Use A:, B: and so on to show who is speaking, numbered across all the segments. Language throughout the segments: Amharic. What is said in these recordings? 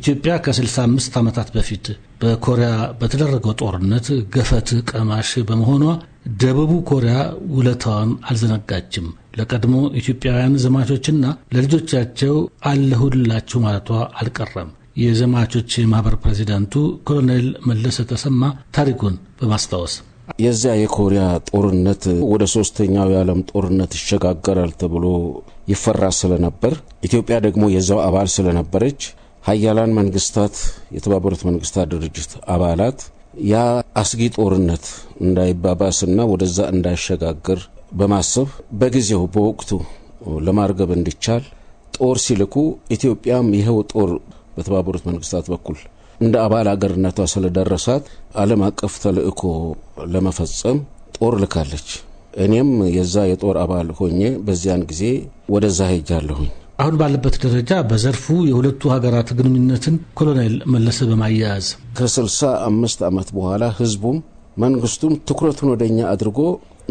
A: ኢትዮጵያ ከ65 ዓመታት በፊት በኮሪያ በተደረገው ጦርነት ገፈት ቀማሽ በመሆኗ ደቡቡ ኮሪያ ውለታዋን አልዘነጋችም። ለቀድሞ ኢትዮጵያውያን ዘማቾችና ለልጆቻቸው አለሁላችሁ ማለቷ አልቀረም። የዘማቾች ማህበር ፕሬዚዳንቱ ኮሎኔል መለሰ ተሰማ ታሪኩን በማስታወስ
B: የዚያ የኮሪያ ጦርነት ወደ ሶስተኛው የዓለም ጦርነት ይሸጋገራል ተብሎ ይፈራ ስለነበር ኢትዮጵያ ደግሞ የዛው አባል ስለነበረች ሀያላን መንግስታት፣ የተባበሩት መንግስታት ድርጅት አባላት ያ አስጊ ጦርነት እንዳይባባስና ወደዛ እንዳይሸጋገር በማሰብ በጊዜው በወቅቱ ለማርገብ እንዲቻል ጦር ሲልኩ ኢትዮጵያም ይኸው ጦር በተባበሩት መንግስታት በኩል እንደ አባል አገርነቷ ስለደረሳት ዓለም አቀፍ ተልእኮ ለመፈጸም ጦር ልካለች። እኔም የዛ የጦር አባል ሆኜ በዚያን ጊዜ ወደዛ ሄጃለሁኝ።
A: አሁን ባለበት ደረጃ በዘርፉ የሁለቱ ሀገራት ግንኙነትን ኮሎኔል መለሰ በማያያዝ
B: ከስልሳ አምስት ዓመት በኋላ ህዝቡም መንግስቱም ትኩረቱን ወደኛ አድርጎ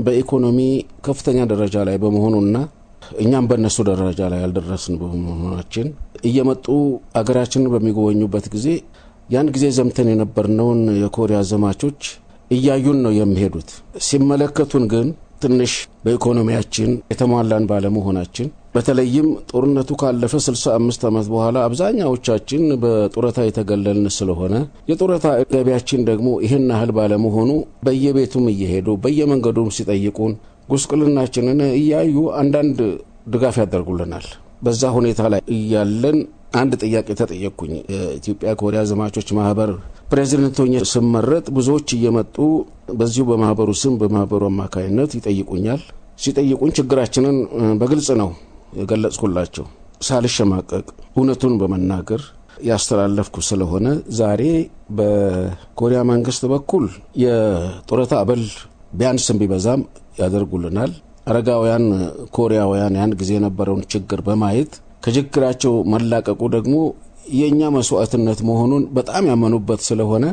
B: በኢኮኖሚ ከፍተኛ ደረጃ ላይ በመሆኑና እኛም በእነሱ ደረጃ ላይ ያልደረስን በመሆናችን እየመጡ አገራችንን በሚጎበኙበት ጊዜ ያን ጊዜ ዘምተን የነበርነውን የኮሪያ ዘማቾች እያዩን ነው የሚሄዱት። ሲመለከቱን ግን ትንሽ በኢኮኖሚያችን የተሟላን ባለመሆናችን በተለይም ጦርነቱ ካለፈ 65 ዓመት በኋላ አብዛኛዎቻችን በጡረታ የተገለልን ስለሆነ የጡረታ ገቢያችን ደግሞ ይህን ያህል ባለመሆኑ በየቤቱም እየሄዱ በየመንገዱም ሲጠይቁን ጉስቁልናችንን እያዩ አንዳንድ ድጋፍ ያደርጉልናል። በዛ ሁኔታ ላይ እያለን አንድ ጥያቄ ተጠየቅኩኝ። የኢትዮጵያ ኮሪያ ዘማቾች ማህበር ፕሬዚደንት ሆኜ ስመረጥ ብዙዎች እየመጡ በዚሁ በማህበሩ ስም በማህበሩ አማካኝነት ይጠይቁኛል። ሲጠይቁኝ ችግራችንን በግልጽ ነው የገለጽኩላቸው። ሳልሸማቀቅ እውነቱን በመናገር ያስተላለፍኩ ስለሆነ ዛሬ በኮሪያ መንግስት በኩል የጡረታ አበል ቢያንስም ቢበዛም ያደርጉልናል። አረጋውያን ኮሪያውያን ያን ጊዜ የነበረውን ችግር በማየት ከችግራቸው መላቀቁ ደግሞ የእኛ መስዋዕትነት መሆኑን በጣም ያመኑበት ስለሆነ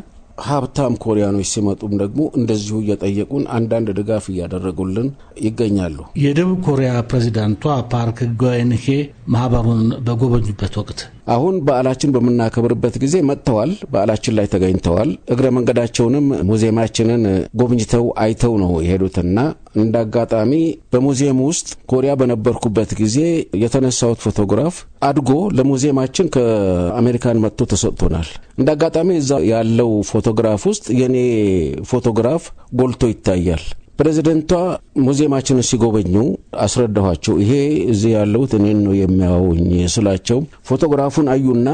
B: ሀብታም ኮሪያኖች ሲመጡም ደግሞ እንደዚሁ እየጠየቁን አንዳንድ ድጋፍ እያደረጉልን ይገኛሉ።
A: የደቡብ ኮሪያ ፕሬዚዳንቷ ፓርክ ጓይንሄ ማህበሩን በጎበኙበት ወቅት
B: አሁን በዓላችን በምናከብርበት ጊዜ መጥተዋል። በዓላችን ላይ ተገኝተዋል። እግረ መንገዳቸውንም ሙዚየማችንን ጎብኝተው አይተው ነው የሄዱትና እንደ አጋጣሚ በሙዚየም ውስጥ ኮሪያ በነበርኩበት ጊዜ የተነሳሁት ፎቶግራፍ አድጎ ለሙዚየማችን ከአሜሪካን መጥቶ ተሰጥቶናል። እንደ አጋጣሚ እዛ ያለው ፎቶግራፍ ውስጥ የኔ ፎቶግራፍ ጎልቶ ይታያል። ፕሬዚደንቷ ሙዚየማችን ሲጎበኙ አስረዳኋቸው። ይሄ እዚህ ያለሁት እኔን ነው የሚያወኝ ስላቸው ፎቶግራፉን አዩና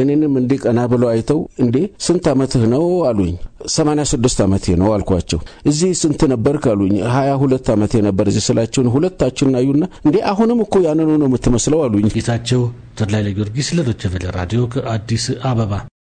B: እኔንም እንዲህ ቀና ብለው አይተው እንዴ ስንት ዓመትህ ነው አሉኝ። ሰማንያ ስድስት ዓመቴ ነው አልኳቸው። እዚህ ስንት ነበርክ አሉኝ። ሀያ ሁለት ዓመቴ ነበር እዚህ ስላቸውን ሁለታችንን አዩና እንዴ አሁንም እኮ ያንኑ ነው የምትመስለው አሉኝ። ጌታቸው
A: ተድላይ ለጊዮርጊስ ለዶቸቬለ ራዲዮ ከአዲስ አበባ